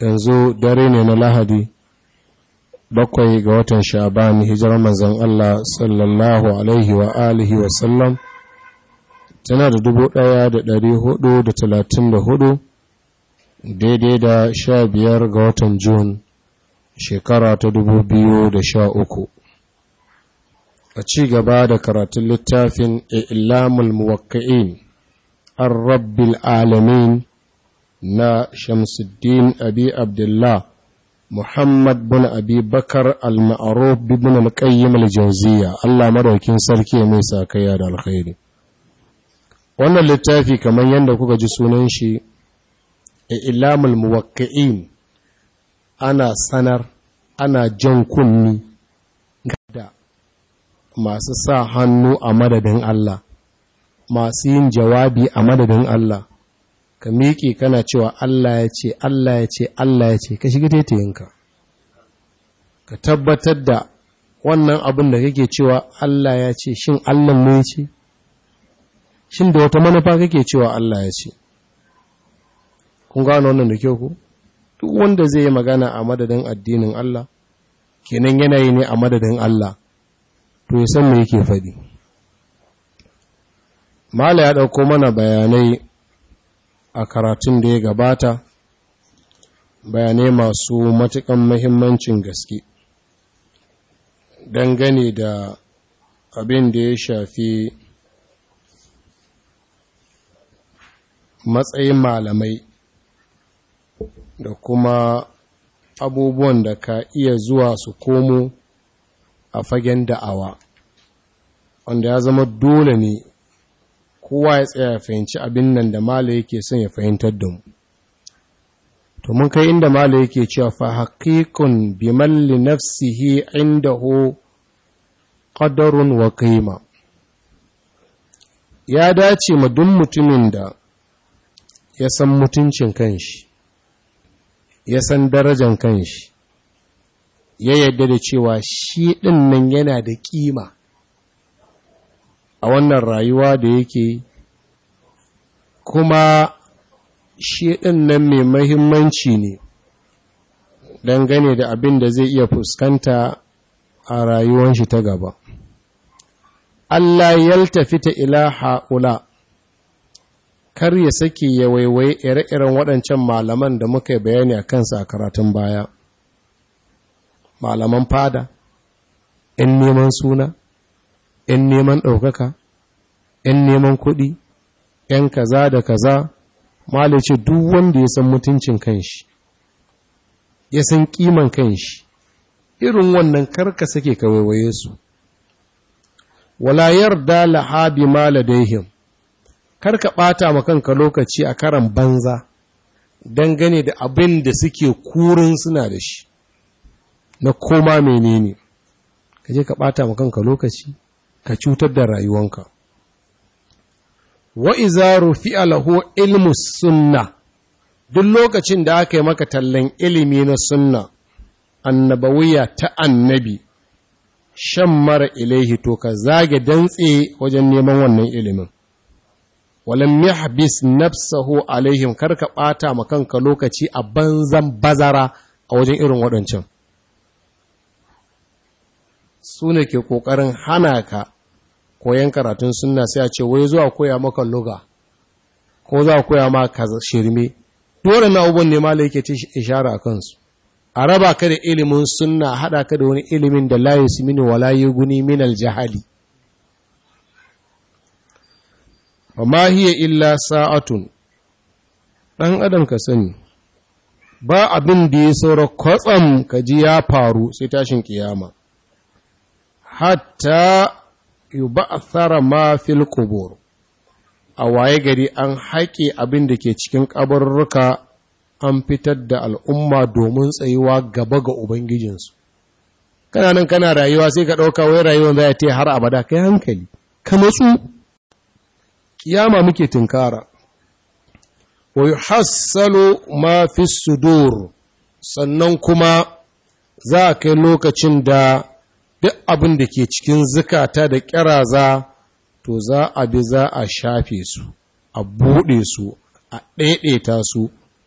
yanzu dare ne na lahadi bakwai ga watan sha'ban hijirar mazan Allah sallallahu alaihi wa alihi wa sallam tana da hudu daidai da sha biyar ga watan Jun shekara ta dubu biyu da sha uku. a ci gaba da karatun littafin ilamul muwakka'in an rabbil alamin na Shamsuddin Abi Abdullah Muhammad bin Abi Bakar al-Ma'ruf bin al-Qayyim al-Jawziyya Allah madaukin sarki mai sakaya da alkhairi wannan littafi kamar yadda kuka ji sunan shi ilamul muwakki'in ana sanar ana jan kunni gada masu sa hannu a madadin Allah masu yin jawabi a madadin Allah ka miƙe kana cewa Allah ya ce Allah ya ce Allah ya ce ka shiga taitayinka ka tabbatar da wannan abin da kake cewa Allah ya ce shin Allah ne ya ce shin da wata manufa kake cewa Allah ya ce kun gano wannan da kyau ku duk wanda zai yi magana a madadin addinin Allah kenan yanayi ne a madadin Allah to ya san me yake faɗi mala ya ɗauko mana bayanai a karatun da ya gabata bayanai masu matukan mahimmancin gaske dangane da abin da ya shafi matsayin malamai da kuma abubuwan da ka iya zuwa su komo a fagen da'awa wanda ya zama dole ne kowa ya tsaya ya fahimci abin nan da mala yake son ya fahimtar da mu to mun kai inda mala yake cewa fa haqiqun bi malli nafsihi indahu qadarun wa qima ya dace ma duk mutumin da ya san mutuncin kanshi ya san darajan kanshi ya yadda da cewa shi ɗin nan yana da ƙima a wannan rayuwa da yake kuma shi ɗin nan mai mahimmanci ne dangane da abin da zai iya fuskanta a rayuwan shi ta gaba. Allah yalta fita ila haƙula kar ya sake ya waiwaye ire-iren waɗancan malaman da muka bayani a kansa a karatun baya. Malaman fada, ‘yan neman suna, ‘yan neman ɗaukaka, ‘yan neman kuɗi, ‘yan kaza da kaza, malice duk wanda ya san mutuncin kanshi, ya san ƙiman kanshi, irin wannan karka sake kawaiwaye su. Wala yarda lahabi kar karka ɓata ma kanka lokaci a karan banza, dangane da abin da suke kurin suna da shi, na koma menene, kaje ka ɓata ma kanka lokaci. ka cutar da rayuwanka wa iza rufi alahu ilmu sunna duk lokacin da aka yi maka tallan ilimi na sunna annabawiya ta annabi shan mara ilaihi to ka zage dantse wajen neman wannan ilimin walam yahbis nafsahu alaihim karka ɓata ma kanka lokaci a banzan bazara a wajen irin waɗancan su ne ke ƙoƙarin hana ka koyan karatun sunna sai a ce wai zuwa koya maka luga ko za koya maka ka shirme dole na abubuwan ne malai yake ci ishara a kansu a raba ka da ilimin sunna haɗa ka da wani ilimin da layu su mini wa layu guni min aljahali amma hiya illa sa'atun ɗan adam ka sani ba abin da ya saura kwatsam ka ji ya faru sai tashin kiyama hatta yubathar ma fil qubur a waye gari an haƙe abin da ke cikin ƙabarruka an fitar da al'umma domin tsayuwa gaba ga ubangijinsu kana nan kana rayuwa sai ka ɗauka wai rayuwar za ta har abada kai hankali ka matsu kiyama muke tunkara wa yuhassalu ma fi sudur sannan kuma za a kai lokacin da duk abin da ke cikin zukata da ƙiraza to za a bi za a shafe su a buɗe su a ɗaiɗaita su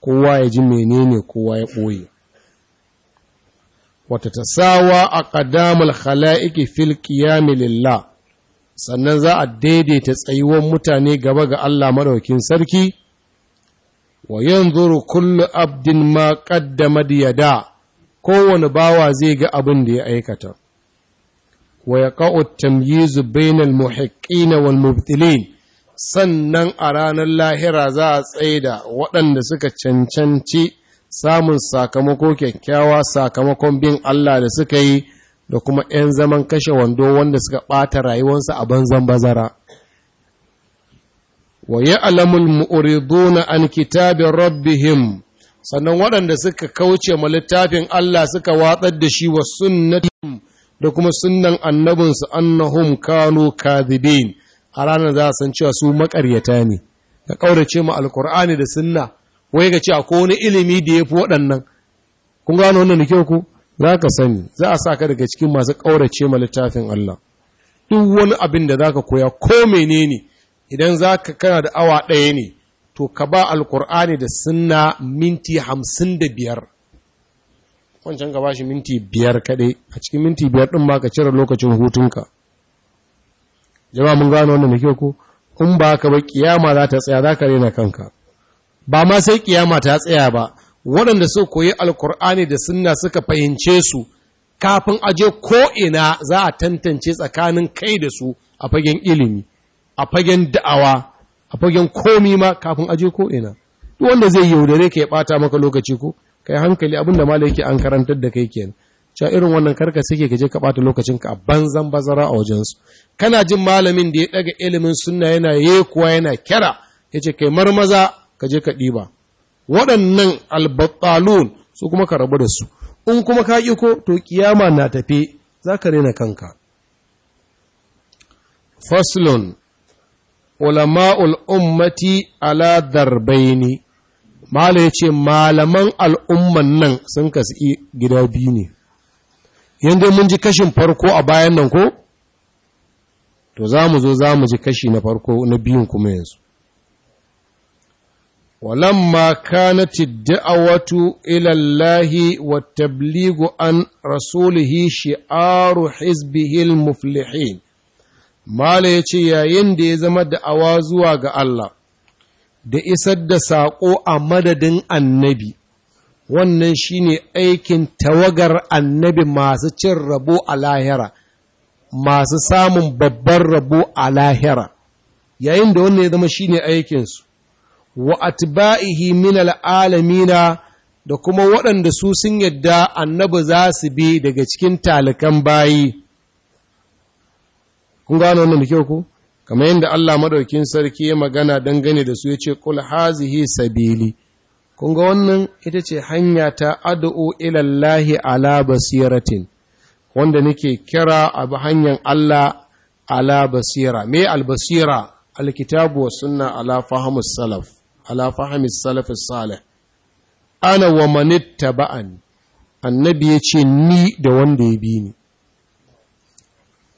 kowa ya ji menene kowa ya ɓoye wata ta sawa a ƙadamul khala'iki fil qiyami lillah sannan za a daidaita tsayuwan mutane gaba ga Allah maɗaukin sarki wa yanzuru kullu abdin ma qaddama yada kowane bawa zai ga abin da ya aikata wa yaqa'u at-tamyizu bainal sannan a ranar lahira za a tsaida waɗanda suka cancanci samun sakamako kyakkyawa sakamakon bin Allah da suka yi da kuma 'yan zaman kashe wando wanda suka ɓata rayuwarsa a banzan bazara. Wa yi alamul an kitabin rabbihim, sannan waɗanda suka kauce ma littafin Allah suka watsar da shi wa sunnati da kuma sunnan annabinsu annahum Kano kadhibin a ranar za a san cewa su makaryata ne ka kaurace mu alqur'ani da sunna wai ga cewa ko wani ilimi da yafi waɗannan kun gano wannan kyau ku za ka sani za a sa ka daga cikin masu ƙaurace ma littafin Allah duk wani abin da za ka koya ko menene idan zaka kana da awa ɗaya ne to ka ba alqur'ani da sunna minti hamsin da biyar wancan ka shi minti biyar kaɗai a cikin minti biyar ɗin ba ka cire lokacin hutunka jama'a mun gano wannan da kyau ko in ba ka ba kiyama za ta tsaya za ka rena kanka ba ma sai kiyama ta tsaya ba waɗanda suka koyi alkur'ani da sunna suka fahimce su kafin aje ko za a tantance tsakanin kai da su a fagen ilimi a fagen da'awa a fagen komi ma kafin aje ko wanda zai yaudare ka ya bata maka lokaci ko kai hankali abinda malai yake an karantar da kai kenan cha irin wannan karka suke ka je ka lokacin lokacinka a banzan bazara a wajen su kana jin malamin da ya ɗaga ilimin sunna yana ye kuwa yana kyara ya ce kai marmaza ka je ka ɗiba waɗannan albattalun su kuma ka rabu da su in kuma ka ƙi ko to ƙiyama na tafe za ka rena kanka faslun ulama'ul ummati ala darbaini mala ya ce, Malaman al’umman nan sun ka gida biyu ne, yadda mun ji kashin farko a bayan nan ko? To, za mu zo za mu ji kashi na farko na biyun kuma yanzu. Walan maka na tidda a ilallahi wa tabligu an rasulihi shi’aru hizbihil muflihin. Bala ya ce, Yayin da ya zama da'awa zuwa ga Allah. da isar da saƙo a madadin annabi, wannan shi ne aikin tawagar annabi masu cin rabo a lahira, masu samun babban rabo a lahira, yayin da wannan ya zama shi ne aikinsu, wa atba'ihi min al'alamina da kuma waɗanda su sun yadda annabi za su bi daga cikin talikan bayi. Kun gano wannan da kyau ku? kamar yadda Allah madaukin sarki ya magana dangane da su ya ce kul hazihi sabili Kunga wannan ita ce hanya ta addu'o ilallahi ala basiratin wanda nake kira abu hanyar Allah ala basira me albasira alkitabu wa suna ala fahimus salaf ala fahimus salaf salih ana wa ba'an, annabi ya ce ni da wanda ya bi ni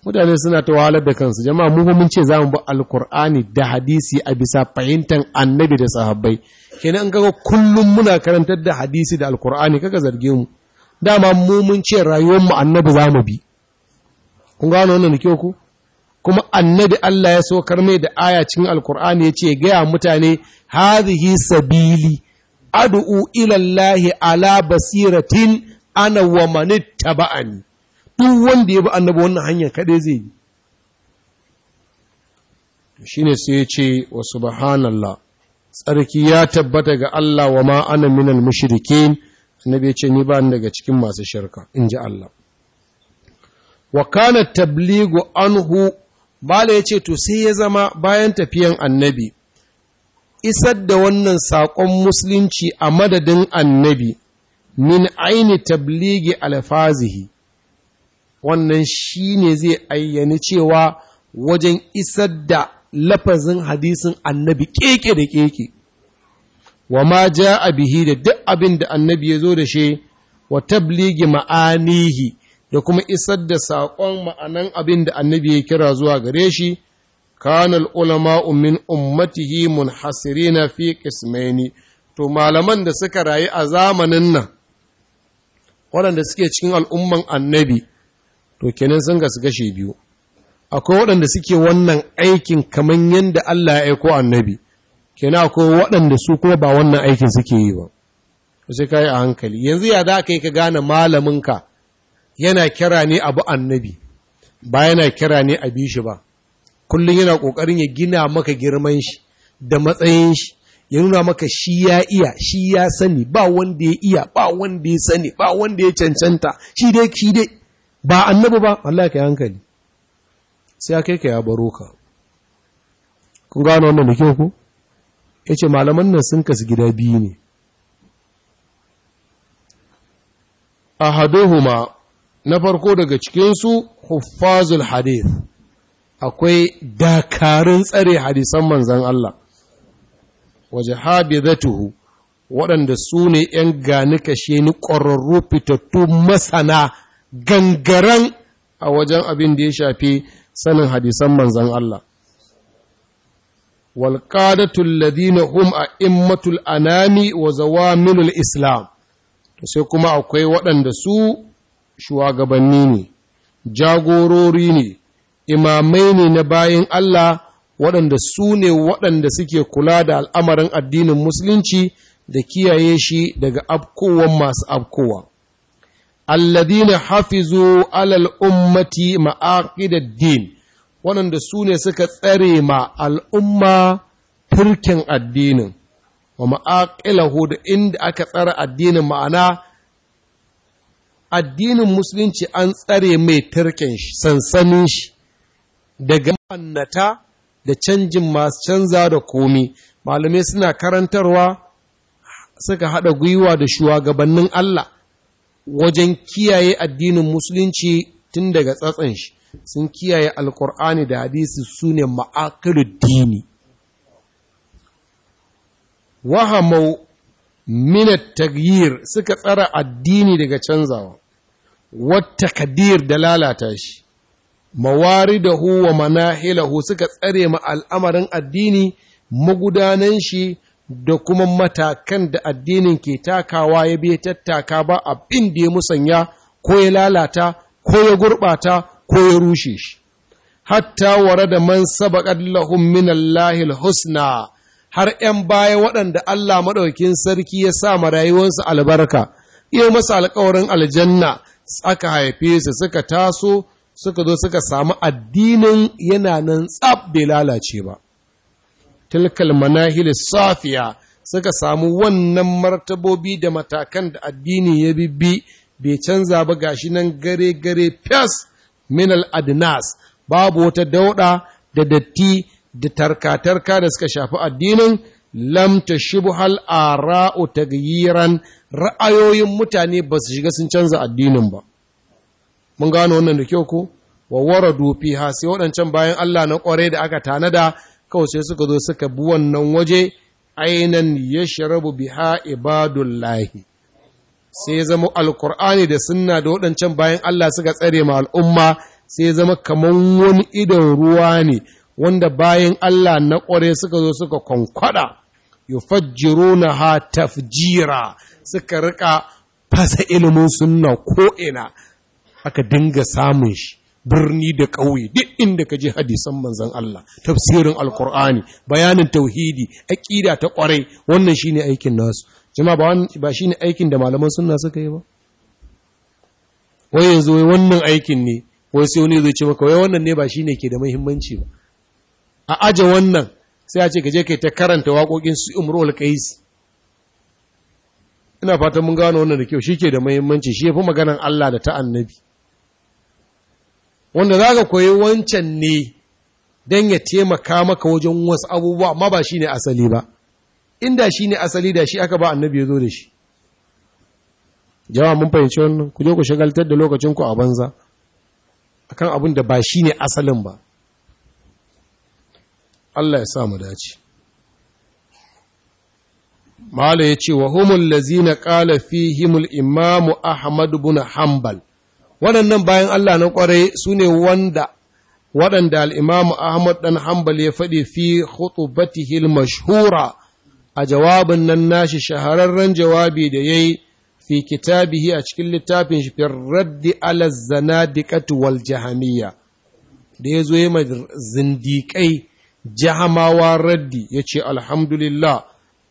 mutane suna ta wahalar da kansu jama'a mu mun ce zamu bi alkur'ani da hadisi a bisa fahimtar annabi da sahabbai kenan an kaga kullum muna karantar da hadisi da alkur'ani kaga zarge mu dama mu mun ce rayuwar mu annabi zamu bi kun gano wannan nake ku kuma annabi Allah ya sokar mai da aya cikin alkur'ani yace gaya mutane hadhihi sabili ad'u ila llahi ala basiratin ana wa manittaba'ani duk wanda ya bi annabi wannan hanyar kaɗai zai yi shi ne sai ya ce wa subhanallah tsarki ya tabbata ga Allah wa ma ana minal mushrikin annabi ya ce ni ba ni daga cikin masu shirka in ji Allah wa kana tabligu anhu bala ya ce to sai ya zama bayan tafiyan annabi isar da wannan saƙon musulunci a madadin annabi min aini tabligi alfazihi wannan shi ne zai ayyani cewa wajen isar da lafazin hadisin annabi keke da keke wa ma ja a bihi da duk abin da annabi ya zo da shi wa tabligi ma'anihi da kuma isar da saƙon ma'anan abin da annabi ya kira zuwa gare shi kanal ulama min ummatihi munhasirina fi qismaini to malaman da suka rayu a zamanin nan waɗanda suke cikin al'umman annabi to kenan sun gasu gashi biyu akwai waɗanda suke wannan aikin kamar yadda Allah ya aiko annabi kenan akwai waɗanda su kuma ba wannan aikin suke yi ba sai ka yi a hankali yanzu ya za ka yi ka gane malaminka yana kira ne abu annabi ba yana kira ne a bi shi ba kullum yana ƙoƙarin ya gina maka girman shi da matsayin shi ya nuna maka shi ya iya shi ya sani ba wanda ya iya ba wanda ya sani ba wanda ya cancanta shi dai shi dai ba annabi ba Allah kai hankali sai ya kai ka ya baro ka kun gano wannan da kyau ko yace malaman nan sun kasu gida biyu ne ahaduhuma na farko daga cikin su huffazul hadith akwai dakarun tsare hadisan manzon Allah waje habidatuhu waɗanda su ne ‘yan gani kashe ni ƙwararru fitattu masana gangaren a wajen abin da ya shafi sanin hadisan manzan Allah. Walƙadatun ladina hum a immatul anami wa zawaminul Islam, to sai kuma akwai waɗanda su shugabanni ne, jagorori ne, imamai ne na bayan Allah waɗanda su ne waɗanda suke kula da al'amarin addinin Musulunci da kiyaye shi daga abkowan masu abkowa. alladhina hafizu alal ummati ma'aqidad din waɗanda su ne suka tsare ma al'umma turkin addinin wa ma'aqilahu da inda aka tsara addinin ma'ana addinin musulunci an tsare mai turkin sansanin shi daga mannata da canjin masu canza da komi malamai suna karantarwa suka haɗa gwiwa da shugabannin Allah wajen kiyaye addinin musulunci tun daga tsatsan shi sun kiyaye alkur'ani da hadisi su ne dini wahamau minat tagyir suka tsara addini daga canzawa wata kadir da lalata shi mawari da huwa manahilahu suka tsare ma al'amarin addini magudanan shi da kuma matakan da addinin ke takawa ya biya tattaka ba abin da ya musanya ko ya lalata ko ya gurɓata ko ya rushe shi hatta ware da man sabaƙar lahum minallahil husna har ‘yan baya waɗanda Allah maɗaukin sarki ya sa ma albarka iya masa alƙawarin aljanna aka haife su suka taso suka zo suka samu addinin yana nan tsab bai lalace ba tilkal manahil safiya suka samu wannan martabobi da matakan da addini ya bibbi bai canza ba gashi nan gare gare fas minal al adnas babu wata dauda da datti da tarkatarka da suka shafi addinin lam tashbuhal ara'u tagyiran ra'ayoyin mutane ba su shiga sun canza addinin ba mun gano wannan da kyau ko wa waradu fiha sai waɗancan bayan Allah na kware da aka tanada kawai sai suka zo suka bi wannan waje ainan ya sharabu biha ibadullahi sai ya zama alkur'ani da sunna da waɗancan bayan Allah suka tsare ma al'umma sai ya zama kamar wani idon ruwa ne wanda bayan Allah na ƙware suka zo suka kwankwada yufajjiruna ha tafjira suka rika fasa ilimin sunna ko'ina, aka dinga samun shi birni da ƙauye duk inda ka je hadisan manzan Allah tafsirin alkur'ani bayanin tauhidi aƙida ta ƙwarai wannan shine aikin nasu jama'a ba shine aikin da malaman sunna suka yi ba wai yanzu wai wannan aikin ne wai sai wani zai ce maka wai wannan ne ba shine ke da muhimmanci ba a aje wannan sai a ce ka je kai ta karanta waƙoƙin su Imrul Qais ina fatan mun gano wannan da kyau shike da muhimmanci shi yafi maganan Allah da ta annabi wanda za ka koyi wancan ne don ya taimaka maka wajen wasu abubuwa amma ba shi ne asali ba inda shi ne asali da shi aka ba annabi ya zo da shi jawa mun fahimci wannan ku je ku shagaltar da lokacinku a banza akan abin da ba shi ne asalin ba Allah ya sa mu dace Mala ya ce wa humul lazina qala himul imamu Ahmad ibn Hanbal waɗannan bayan Allah na ƙwarai su ne wanda waɗanda al'imamu Ahmad ɗan hambal ya faɗi fi khutubatihi mashhura a jawabin nan nashi shahararren jawabi da ya yi fi kitabihi a cikin littafin shi raddi ala zanadiqati wal jahamiyya da ya zo ya ma zindiƙai jahamawa raddi ya ce alhamdulillah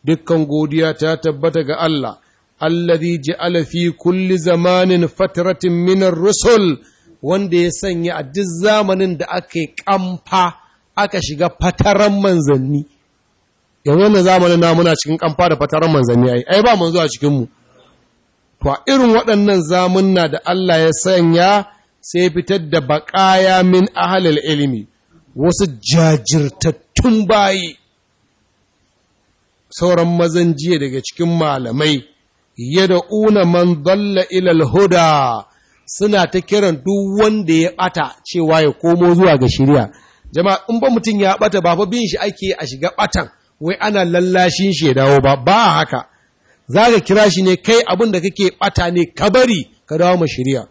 dukkan godiya ta tabbata ga Allah alladhi ja'ala fi kulli zamanin fatratin minar rusul wanda ya sanya a duk zamanin da aka kamfa aka shiga fataran manzanni yanzu wannan zamanin na muna cikin kamfa da fataran manzanni ai ai ba manzo a cikin mu to a irin waɗannan zamunna da Allah ya sanya sai fitar da baƙaya min ahalil ilimi wasu jajirtattun bayi sauran mazan jiya daga cikin malamai yad'una man dalla ila al-huda suna ta kiran duk wanda ya bata cewa ya komo zuwa ga shari'a jama'a in ba mutum ya bata ba fa bin shi ake a shiga batan wai ana lallashin shi ya dawo ba ba haka zaka kira shi ne kai abin da kake bata ne ka bari ka dawo ma shari'a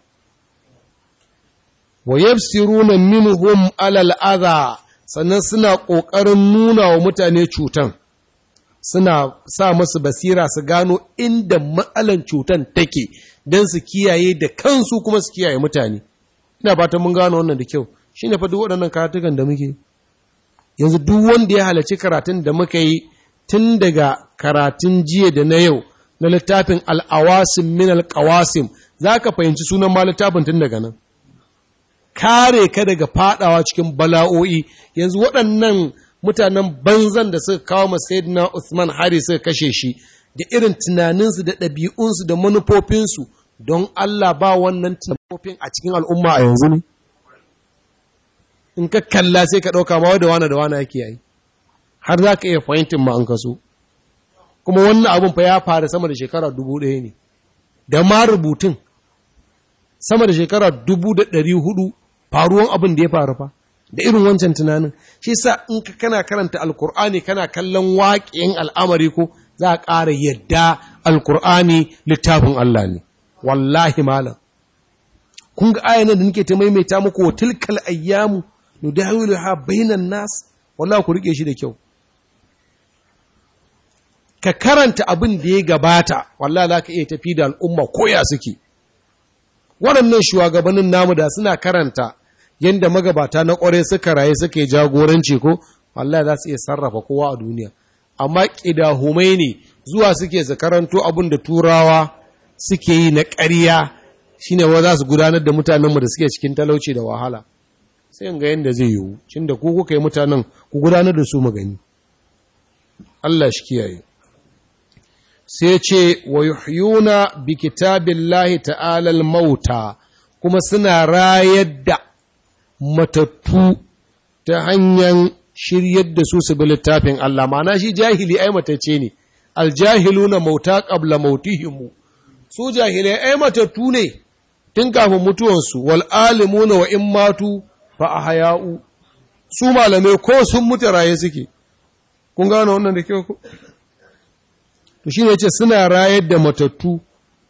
wa yabsiruna minhum alal adha sannan suna kokarin nuna wa mutane cutan suna sa masu basira su gano inda matsalan cutan take don su kiyaye da kansu kuma su kiyaye mutane ina fatan mun gano wannan da kyau shine fa duk waɗannan karatukan da muke yanzu duk wanda ya halarci karatun da muka yi tun daga karatun jiya da na yau na littafin al'awasim min alƙawasim za ka fahimci sunan ma littafin tun daga nan kare ka daga fadawa cikin bala'o'i yanzu waɗannan mutanen banzan da suka kawo Sayyidina Usman hari suka kashe shi da irin tunaninsu da ɗabi'unsu da manufofinsu don Allah ba wannan tunanin a cikin al'umma a yanzu ne? In ka kalla sai ka ɗauka mawa da wane da wane yake yayi, har za ka iya fahimtin ma an kaso. Kuma wannan abin fa ya faru sama da shekara dubu ɗaya ne, da ma rubutun sama da shekara dubu da ɗari hudu faruwan abin da ya faru fa. da irin wancan tunanin shi sa in ka kana karanta alkur'ani kana kallon waƙin al'amari ko za a ƙara yadda alkur'ani littafin Allah ne wallahi malam kun ga ayyana da nake ta maimaita muku wa tilkal ayyamu nudawilu ha bainan nas wallahi ku rike shi da kyau ka karanta abin da ya gabata wallahi za iya tafi da al'umma ko koya suke waɗannan shugabannin namu da suna karanta Yadda magabata na ƙware suka raye suka yi jagoranci ko Allah za su iya sarrafa kowa a duniya amma ƙidahumai ne zuwa suke su karanto abin da turawa suke yi na ƙarya shine wa za su gudanar da mutanenmu da suke cikin talauci da wahala sai in ga yadda zai yiwu cin da ku kuka yi mutanen ku gudanar da su magani Allah shi kiyaye sai ce wa yuhyuna bi kitabillahi ta'ala mauta kuma suna rayar da matattu ta hanyar shiryar da su su bi littafin Allah ma'ana shi jahili ai matacce ne aljahiluna mauta qabla mautihimu su jahilai ai matattu ne tun kafin mutuwansu wal alimuna wa in matu fa ahya'u su malamai ko sun mutu raye suke kun gano wannan da kyau to shine yace suna rayar da matattu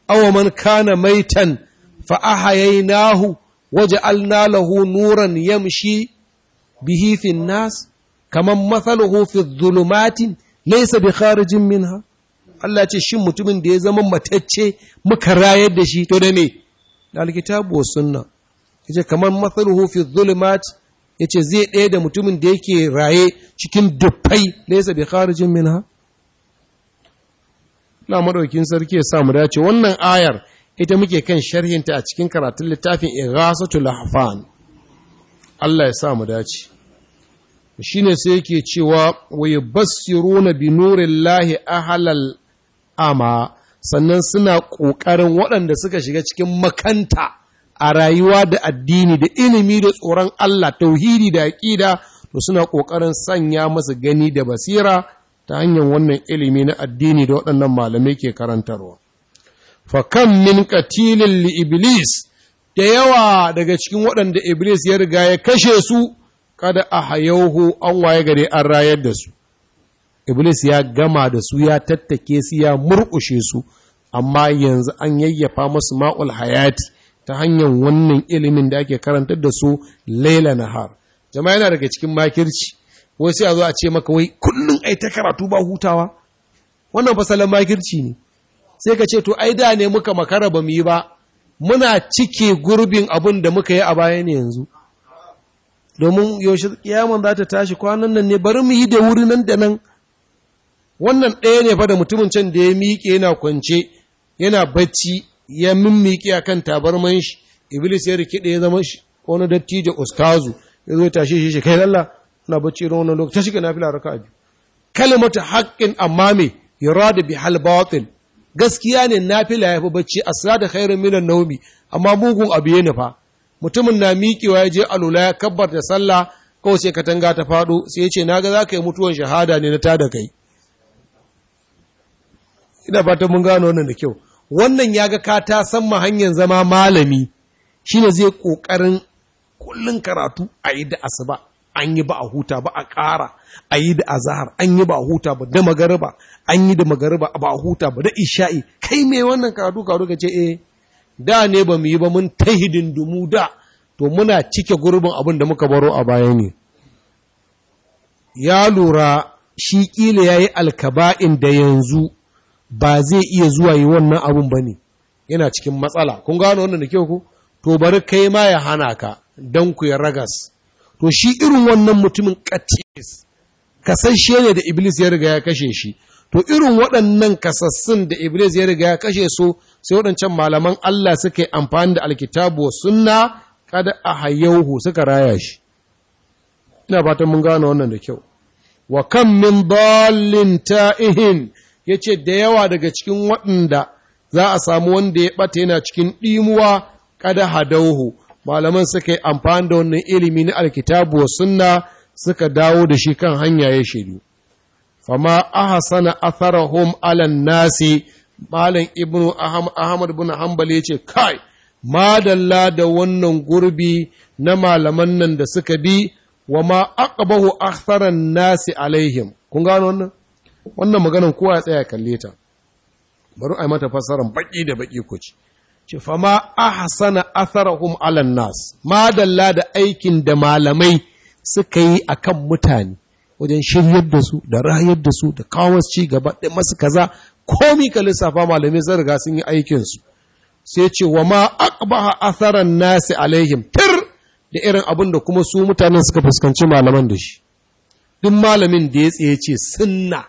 awaman kana maitan fa nahu. waj'alna lahu hunuran yamshi bihi fi nas kaman mathaluhu fi dhulumati laysa bi kharijin Allah ce shin mutumin da ya zama matacce muka rayar da shi to da me da alkitabu was sunna yace kaman mathaluhu fi dhulumati yace zai ɗaya da mutumin da yake raye cikin dufai laysa bi kharijin minha Allah madaukin sarki ya sa mu dace wannan ayar ita muke kan sharhinta a cikin karatun littafin Ighasatul Lahfan Allah ya sa mu dace shine sai yake cewa wa yubassiruna bi nurillahi ahlal ama sannan suna ƙoƙarin waɗanda suka shiga cikin makanta a rayuwa da addini da ilimi da tsoron Allah tauhidi da aƙida to suna ƙoƙarin sanya masa gani da basira ta hanyar wannan ilimi na addini da waɗannan malamai ke karantarwa fa min katilin li iblis da yawa daga cikin waɗanda iblis ya riga ya kashe su kada a hayauhu an waye gare an rayar da su iblis ya gama da su ya tattake su ya murƙushe su amma yanzu an yayyafa masu ma'ul hayati ta hanyar wannan ilimin da ake karantar da su laila nahar jama'a yana daga cikin makirci wai sai a zo a ce maka wai kullum ai ta karatu ba hutawa wannan fasalan makirci ne sai ka ce to ai da ne muka makara ba mu yi ba muna cike gurbin abin da muka yi a bayan yanzu domin yaushe kiyaman za ta tashi kwanan nan ne bari mu yi da wuri nan da nan wannan ɗaya ne fa da mutumin can da ya miƙe yana kwance yana bacci ya mimmiƙe akan tabarman shi iblis ya rikide ya zama shi wani dattijo ustazu ya zo tashi shi shi kai lalla. na bacci irin wannan lokaci ta shiga nafila raka'a biyu kalimatu haqqin amma me bi bihal batil gaskiya ne fi ya fi bacci sa da khairun minan naumi amma mugun abu ya nufa mutumin na miƙewa ya je alula ya kabbar da sallah kawai sai katanga ta faɗo sai ya ce na ga za ka yi mutuwan shahada ne na tada kai ina ta mun gano wannan da kyau wannan ya ga ka ta san ma hanyar zama malami shine zai ƙoƙarin kullun karatu a yi da asuba an yi ba a huta ba a ƙara a yi da azahar an yi ba a huta ba da magariba an yi da magariba ba a huta ba da isha'i kai mai wannan karatu Kadu ka ce eh da ne ba mu yi ba mun ta hidindumu da to muna cike gurbin abin da muka baro a baya ne ya lura shi ƙila ya yi alkaba'in da yanzu ba zai iya zuwa yi wannan abin ba ne yana cikin matsala kun gano wannan da kyau ku to bari kai ma ya hana ka don ku ya ragas to shi irin wannan mutumin katis kasashe ne da iblis ya riga ya kashe shi to irin waɗannan kasassun da iblis ya riga ya kashe su sai waɗancan malaman Allah suka yi amfani da alkitabu sunna kada a hayauhu suka raya shi ina fatan mun gane wannan da kyau wa kam min dallin ta'ihin yace da yawa daga cikin waɗanda za a samu wanda ya ɓata yana cikin ɗimuwa kada hadauhu malaman suka yi amfani da wannan ilimi na alkitabu wa sunna suka dawo da shi kan hanya ya shaidu fama ahsana atharahum alan nasi malam ibnu ahmad bin hanbali yace kai madalla da wannan gurbi na malaman nan da suka bi wa ma aqbahu aktharan nasi alaihim kun gano wannan wannan maganar kowa ya tsaya kalle ta bari a mata fassarar baƙi da baki kuci ce fama ahsana atharahum alan nas dalla da aikin da malamai suka yi akan mutane wajen shiryar da su da rayar da su da kawo ci gaba da masu kaza komi ka lissafa malamai sun riga sun yi aikin su sai ce wa ma aqbaha atharan nas alaihim tir da irin abin da kuma su mutanen suka fuskanci malaman da shi duk malamin da ya tsaye ce sunna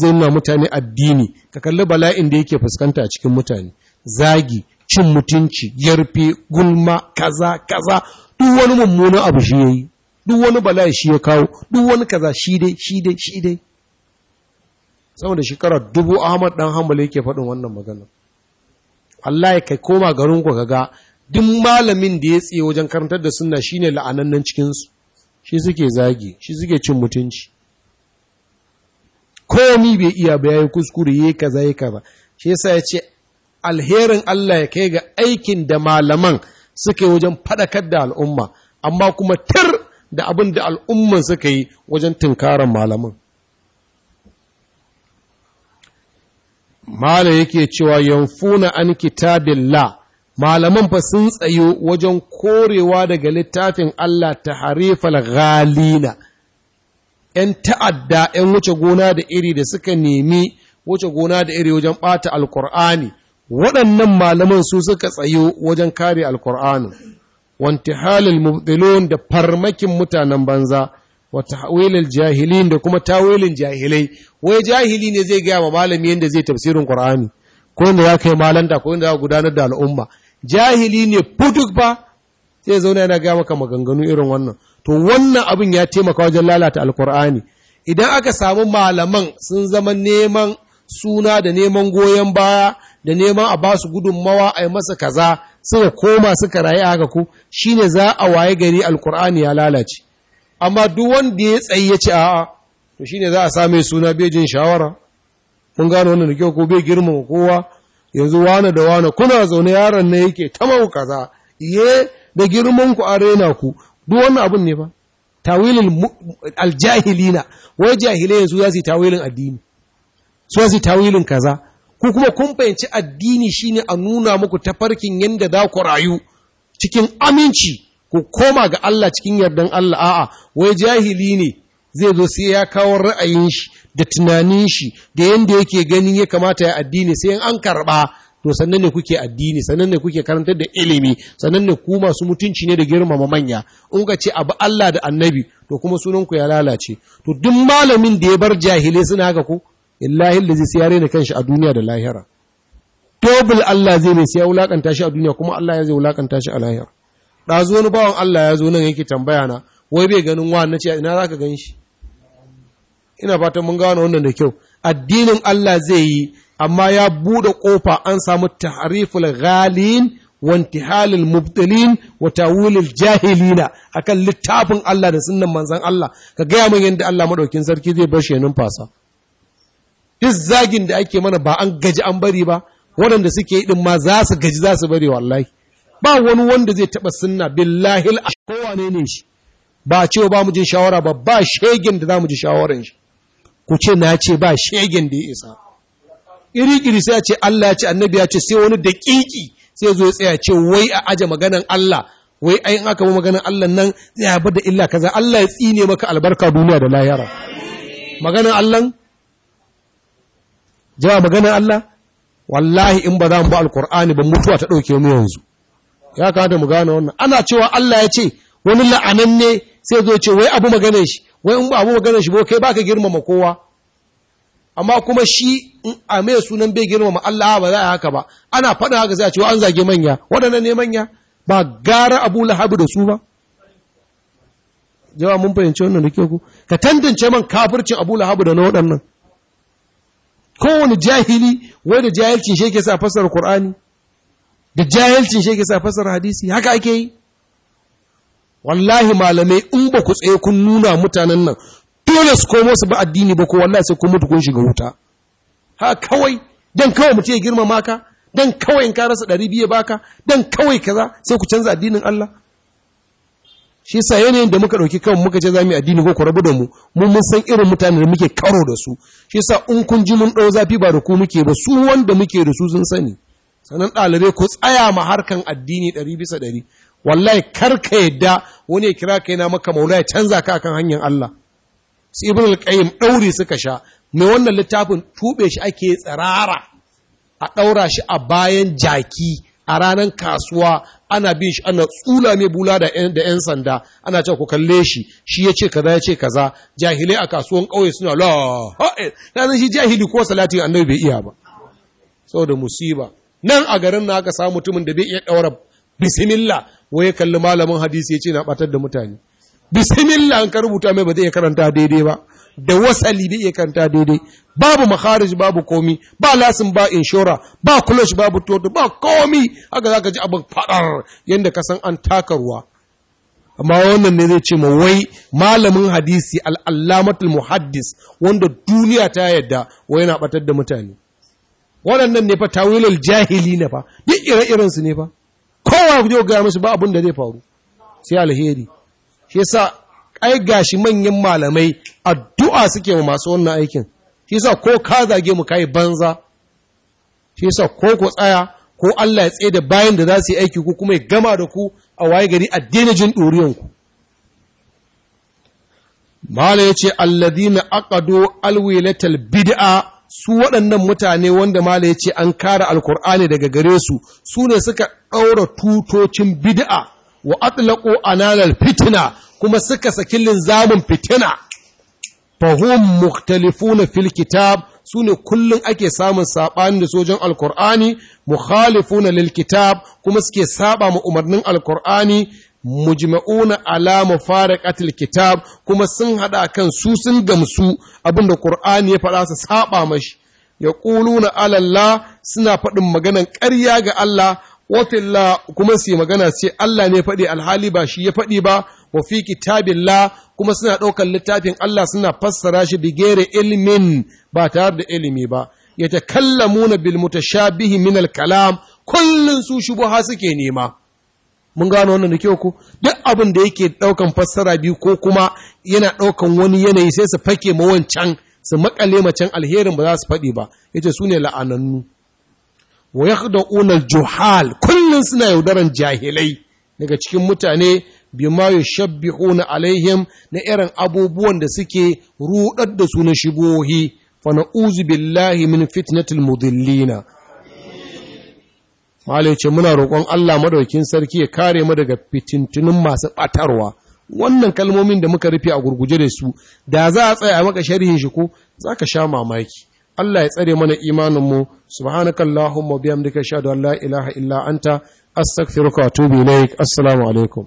zai na mutane addini ka kalli bala'in da yake fuskanta a cikin mutane zagi cin mutunci yarfe gulma kaza kaza duk wani mummunan abu shi ya yi. duk wani bala'i shi ya kawo duk wani kaza shi dai shi dai shi dai sama da shekara dubu Ahmad dan Hamali yake faɗin wannan magana ya kai koma garin ku ga? duk malamin da ya tsaye wajen karantar da sunna shine la'anannan cikin shi suke zagi shi suke cin mutunci komi bai iya ba yayi kuskure yayi kaza yayi kaza shi yasa ya ce alherin Allah ya kai ga aikin da malaman suke wajen faɗakar da al'umma amma kuma tar da abin da al'umma suka yi wajen tunkarar malaman mala yake cewa yanfuna an kitabillah malaman fa sun tsayo wajen korewa daga littafin Allah ta harifal ghalina ‘yan ta'adda ‘yan wuce gona da iri da suka nemi wuce gona da iri wajen ɓata alkur'ani waɗannan malaman su suka tsayo wajen kare alkur'ani wanti halil mubtilun da farmakin mutanen banza wata hawilin jahilin da kuma tawilin jahilai wai jahili ne zai gaya wa malami yadda zai tafsirin qur'ani ko inda ya kai malanta ko inda za gudanar da al'umma jahili ne fuduk ba zai zauna yana gaya maka maganganu irin wannan to wannan abin ya taimaka wajen lalata alkur'ani idan aka samu malaman sun zama neman suna da neman goyon baya da neman a basu gudunmawa a yi masa kaza suka koma suka rayu a haka ko shine za a waye gari alkur'ani ya lalace amma duk wanda ya tsayi ya ce a'a to shine za a same suna bai jin shawara mun gano wannan da kyau ko bai girma kowa yanzu wane da wane kuna zaune yaron na yake ta mau kaza ye da girman ku rena ku duk wannan abun ne ba tawilin aljahilina wai jahilai yanzu za su yi tawilin addini su su tawilin kaza ku kuma kun fahimci addini shine a nuna muku tafarkin yadda za ku rayu cikin aminci ku koma ga Allah cikin yardan Allah a'a wai jahili ne zai zo sai ya kawo ra'ayin shi da tunanin shi da yadda yake gani ya kamata ya addini sai an karɓa to sannan ne kuke addini sannan ne kuke karantar da ilimi sannan ne ku masu mutunci ne da girmama manya in ka ce abu Allah da annabi to kuma sunan ku ya lalace to duk malamin da ya bar jahilai suna ga ku? illahi lazi sai ya rena kanshi a duniya da lahira tobul Allah zai ne sai ya wulakanta shi a duniya kuma Allah ya zai wulakanta shi a lahira zo wani bawan Allah ya zo nan yake tambaya na wai bai ganin wa na ce ina za ka gan shi ina fatan mun gano wannan da kyau addinin Allah zai yi amma ya buɗe ƙofa an samu tahriful ghalin wa intihalil mubtilin wa tawilil jahilina akan littafin Allah da sunnan manzon Allah ka gaya min yadda Allah madaukin sarki zai bar shi ya numfasa duk zagin da ake mana ba an gaji an bari ba waɗanda suke yi ɗin ma za su gaji za su bari wallahi ba wani wanda zai taɓa sunna billahil a kowane ne shi ba cewa ba mu jin shawara ba ba shegen da za mu ji shawaran shi ku ce na ce ba shegen da ya isa iri-iri sai ce Allah ya ce annabi ya ce sai wani daƙiƙi sai zo ya tsaya ce wai a aje maganan Allah wai ai in aka bi maganan Allah nan zai haifar da illa kaza Allah ya tsine maka albarka duniya da lahira maganan Allah jama magana Allah wallahi in ba za mu ba alkur'ani ba mutuwa ta ɗauke mu yanzu ya kamata mu gane wannan ana cewa Allah ya ce wani la'anan ne sai zo ce wai abu maganar shi wai in ba abu maganar shi ba kai baka girmama kowa amma kuma shi a mai sunan bai girmama Allah ba za a haka ba ana faɗa haka sai a ce an zage manya waɗannan ne manya ba gara Abu Lahab da su ba jawa mun fahimci wannan da ke ku ka tantance man kafircin Abu Lahab da na waɗannan kowane jahili wai da jahilcin shi ke sa fasar Qur'ani da jahilcin shi ke sa fasar hadisi haka ake yi wallahi malamai in ba ku tsaye kun nuna mutanen nan dole su komo su ba addini ba ko wallahi sai kun mutu kun shiga wuta ha kawai dan kawai mutum ya girmama ka dan kawai in ka rasa ɗari baka dan kawai kaza sai ku canza addinin Allah shi sa yanayin da muka ɗauki kan muka ce za mu addini ko ku rabu da mu mun mun san irin mutane da muke karo da su shi sa in kun ji mun ɗau zafi ba da ku muke ba su wanda muke da su sun sani sannan ɗalibai ku tsaya ma harkan addini ɗari bisa ɗari wallahi kar ka yadda wani ya kira kai na maka maula ya canza ka akan hanyar Allah su ibn al-qayyim ɗauri suka sha mai wannan littafin tube shi ake tsirara a ɗaura shi a bayan jaki a ranar kasuwa ana bin shi ana tsula ne bula da yan sanda ana cewa ku kalle shi shi ya ce kaza ya ce kaza jahilai a kasuwan ƙauye suna la eh, na shi jahili ko salati annabi bai iya ba saboda musiba nan a garin na aka samu mutumin da bai iya ɗaura bismillah waye kalli malamin hadisi ya ce na batar da mutane bismillah an ka rubuta mai ba zai karanta daidai ba da wasali da iya kanta daidai babu makharij babu komi ba lasin ba inshora ba kulush babu toto ba komi haka zaka ji abin fadar yanda ka san an takarwa amma wannan ne zai ce ma wai malamin hadisi al allamatul muhaddis wanda duniya ta yadda wai yana batar da mutane waɗannan ne fa tawilul jahili ne fa duk ire-iren su ne fa kowa ku ga musu ba abin da zai faru sai alheri shi yasa ai gashi manyan malamai a addu'a suke wa masu wannan aikin shi sa ko ka zage mu kai banza shi sa ko ku tsaya ko Allah ya tsaye da bayan da za su yi aiki ku kuma ya gama da ku a waye gari a daina ɗoriyanku mala ya ce na Akado alwilatal bid'a su waɗannan mutane wanda mala ya ce an kara alkur'ani daga gare su su ne suka ɗaura tutocin bid'a wa atlaqu analar fitina kuma suka saki linzamin fitina fahum mukhtalifuna fil kitab sune kullum ake samun saɓani da sojan alkur'ani mukhalifuna lil kitab kuma suke saba ma umarnin alkur'ani mujma'una ala mufaraqatil kitab kuma sun hada kan su sun gamsu abinda qur'ani ya faɗa su saba mashi yaquluna ala Allah suna faɗin maganan ƙarya ga Allah watilla kuma su yi magana sai Allah ne faɗi alhali ba shi ya faɗi ba wa fi la kuma suna ɗaukar littafin Allah suna fassara shi bigere ilmin ba tare da ilimi ba bilmuta sha bihi min alkalam kullum su su shubuha suke nema mun gano wannan da kyau ku duk abin da yake ɗaukan fassara biyu ko kuma yana ɗaukan wani yanayi sai su fake ma wancan su maƙale ma can alherin ba za su faɗi ba yace su ne la'anannu wa da unar juhal kullum suna yaudaran jahilai daga cikin mutane bima yushabbihuna alaihim na irin abubuwan da suke rudar da su na shibohi fa na'uzu billahi min fitnatil mudillina malai muna roƙon Allah madaukin sarki ya kare mu daga fitintunin masu batarwa wannan kalmomin da muka rufe a gurguje da su da za a tsaya maka sharhin shi ko zaka sha mamaki Allah ya tsare mana imanin mu subhanakallahumma bihamdika shadu an la ilaha illa anta astaghfiruka wa atubu ilaik assalamu alaikum